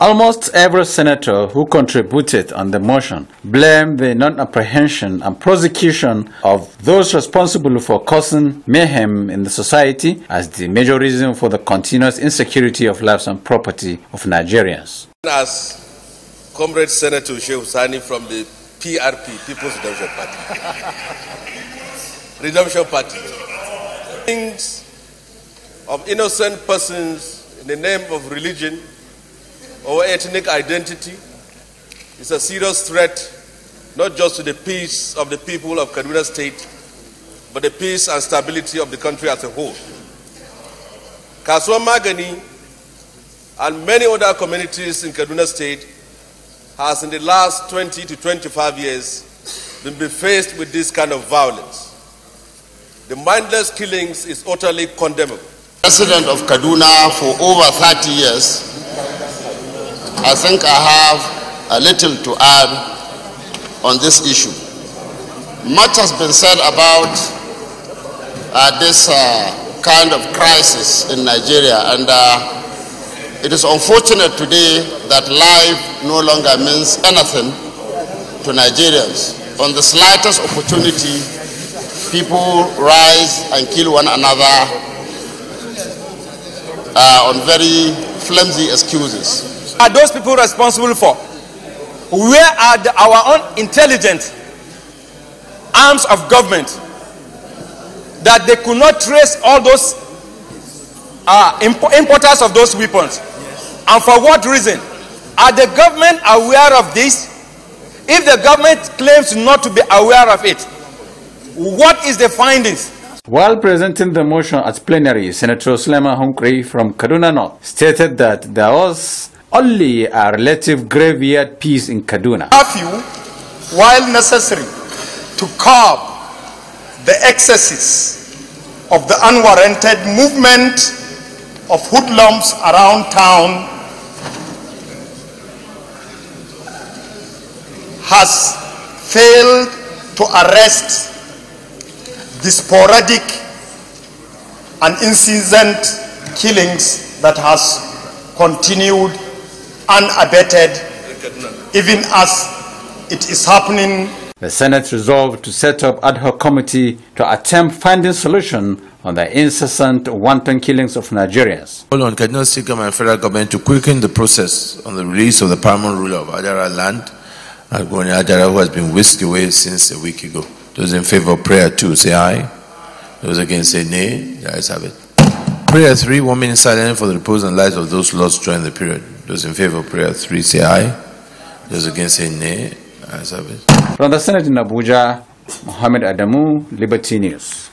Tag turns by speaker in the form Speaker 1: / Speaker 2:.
Speaker 1: Almost every senator who contributed on the motion blamed the non-apprehension and prosecution of those responsible for causing mayhem in the society as the major reason for the continuous insecurity of lives and property of Nigerians.
Speaker 2: As Comrade Senator Shehu Sani from the PRP, People's Redemption Party, Redemption Party, things of innocent persons in the name of religion or ethnic identity is a serious threat not just to the peace of the people of Kaduna State, but the peace and stability of the country as a whole. Kaswa Magani and many other communities in Kaduna State has in the last 20 to 25 years been faced with this kind of violence. The mindless killings is utterly condemnable. President of Kaduna for over 30 years
Speaker 3: I think I have a little to add on this issue. Much has been said about uh, this uh, kind of crisis in Nigeria, and uh, it is unfortunate today that life no longer means anything to Nigerians. On the slightest opportunity, people rise and kill one another uh, on very flimsy excuses
Speaker 4: are those people responsible for? Where are the, our own intelligent arms of government that they could not trace all those uh, imp- importers of those weapons? And for what reason? Are the government aware of this? If the government claims not to be aware of it,
Speaker 1: what is the findings? While presenting the motion at plenary, Senator Sulema Hunkri from Kaduna North stated that there was only a relative graveyard piece in Kaduna.
Speaker 5: Curfew, while necessary to curb the excesses of the unwarranted movement of hoodlums around town, has failed to arrest the sporadic and incessant killings that has continued unabated, even as it is happening.
Speaker 1: The Senate resolved to set up ad hoc committee to attempt finding solution on the incessant wanton killings of Nigerians.
Speaker 6: Call on Kaduna State Government and federal government to quicken the process on the release of the paramount ruler of Adara land, Agoni Adara, who has been whisked away since a week ago. Those in favor of prayer two, say aye. Those against say nay. The ayes have it. Prayer three, one minute silence for the repose and lives of those lost during the period. Those in favor of prayer three say aye. Those against say nay.
Speaker 1: From the Senate in Abuja, Mohammed Adamu, Liberty News.